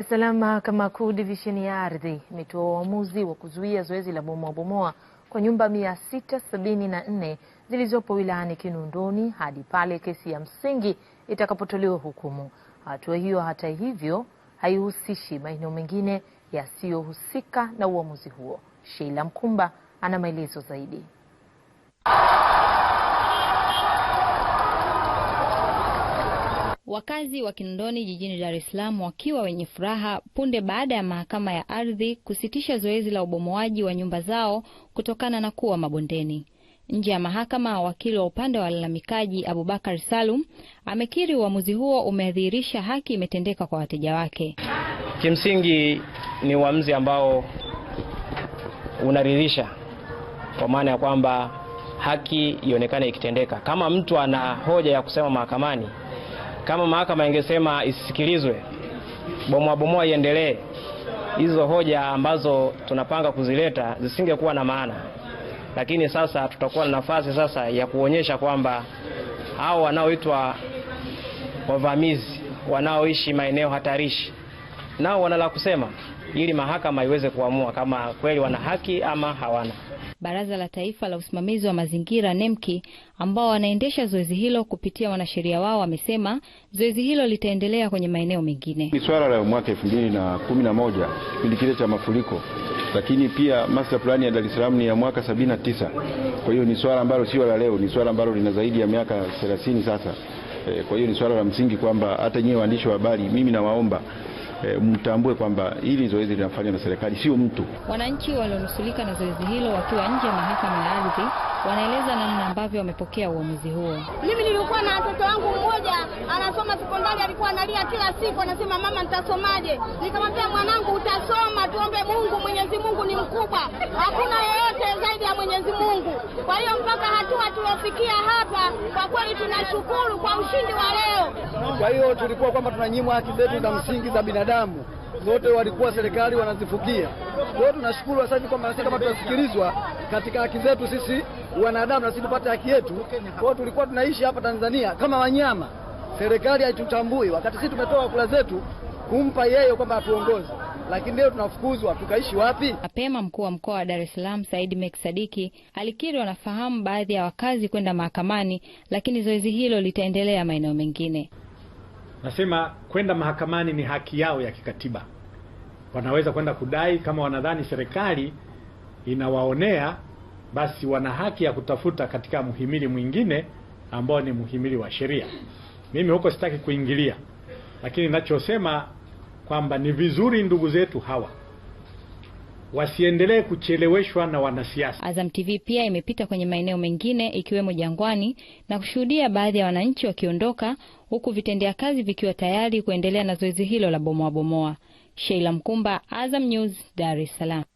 Dar Mahakama Kuu Divisheni ya Ardhi imetoa uamuzi wa kuzuia zoezi la bomoa bomoa kwa nyumba mia sita sabini na nne zilizopo wilayani Kinondoni hadi pale kesi ya msingi itakapotolewa hukumu. Hatua hiyo hata hivyo haihusishi maeneo mengine yasiyohusika na uamuzi huo. Sheila Mkumba ana maelezo zaidi. Wakazi wa Kinondoni jijini Dar es Salaam wakiwa wenye furaha punde baada ya mahakama ya ardhi kusitisha zoezi la ubomoaji wa nyumba zao kutokana na kuwa mabondeni. Nje ya mahakama, wakili wa upande wa walalamikaji Abubakar Salum amekiri uamuzi huo umedhihirisha haki imetendeka kwa wateja wake. Kimsingi ni uamuzi ambao unaridhisha kwa maana ya kwamba haki ionekane ikitendeka. Kama mtu ana hoja ya kusema mahakamani kama mahakama ingesema isisikilizwe, bomoa bomoa iendelee, hizo hoja ambazo tunapanga kuzileta zisingekuwa na maana, lakini sasa tutakuwa na nafasi sasa ya kuonyesha kwamba hao wanaoitwa wavamizi wanaoishi maeneo hatarishi nao wana la kusema, ili mahakama iweze kuamua kama kweli wana haki ama hawana. Baraza la Taifa la Usimamizi wa Mazingira NEMKI, ambao wanaendesha zoezi hilo kupitia wanasheria wao, wamesema zoezi hilo litaendelea kwenye maeneo mengine. Ni swala la mwaka na kumi moja kipindi kile cha mafuriko, lakini pia master plan ya Dar es Salaam ni ya mwaka tisa Kwa hiyo ni swala ambalo sio la leo, ni swala ambalo lina zaidi ya miaka thelathini sasa. Eh, kwa hiyo ni swala la msingi kwamba hata nyiwe waandishi wa habari, mimi nawaomba e, mtambue kwamba hili zoezi linafanywa na serikali, sio mtu. Wananchi walionusulika na zoezi hilo wakiwa nje ya mahakama ya ardhi wanaeleza namna ambavyo wamepokea uamuzi huo. Mimi nilikuwa na mtoto wangu mmoja anasoma sekondari, alikuwa analia kila siku, anasema mama, nitasomaje? Nikamwambia mwanangu, utasoma, tuombe Mungu, Mwenyezi Mungu ni mkubwa. Kwa hiyo mpaka hatua tuliofikia hapa, kwa kweli tunashukuru kwa ushindi wa leo. Kwa hiyo tulikuwa kwamba tunanyimwa haki zetu za msingi za binadamu zote walikuwa serikali wanazifukia. Kwa hiyo tunashukuru sasa hivi kwamba sisi kama tunasikilizwa katika haki zetu sisi wanadamu, na sisi tupate haki yetu. Kwa hiyo tulikuwa tunaishi hapa Tanzania kama wanyama, serikali haitutambui, wakati sisi tumetoa kula zetu kumpa yeye kwamba atuongoze lakini leo tunafukuzwa, tukaishi wapi? Mapema mkuu wa mkoa wa Dar es Salaam Saidi Mek Sadiki alikiri wanafahamu baadhi ya wakazi kwenda mahakamani, lakini zoezi hilo litaendelea maeneo mengine. Nasema kwenda mahakamani ni haki yao ya kikatiba, wanaweza kwenda kudai kama wanadhani serikali inawaonea, basi wana haki ya kutafuta katika mhimiri mwingine ambao ni mhimiri wa sheria. Mimi huko sitaki kuingilia, lakini ninachosema kwamba ni vizuri ndugu zetu hawa wasiendelee kucheleweshwa na wanasiasa. Azam TV pia imepita kwenye maeneo mengine ikiwemo Jangwani na kushuhudia baadhi ya wananchi wakiondoka huku vitendea kazi vikiwa tayari kuendelea na zoezi hilo la bomoa bomoa. Sheila Mkumba, Azam News, Dar es Salaam.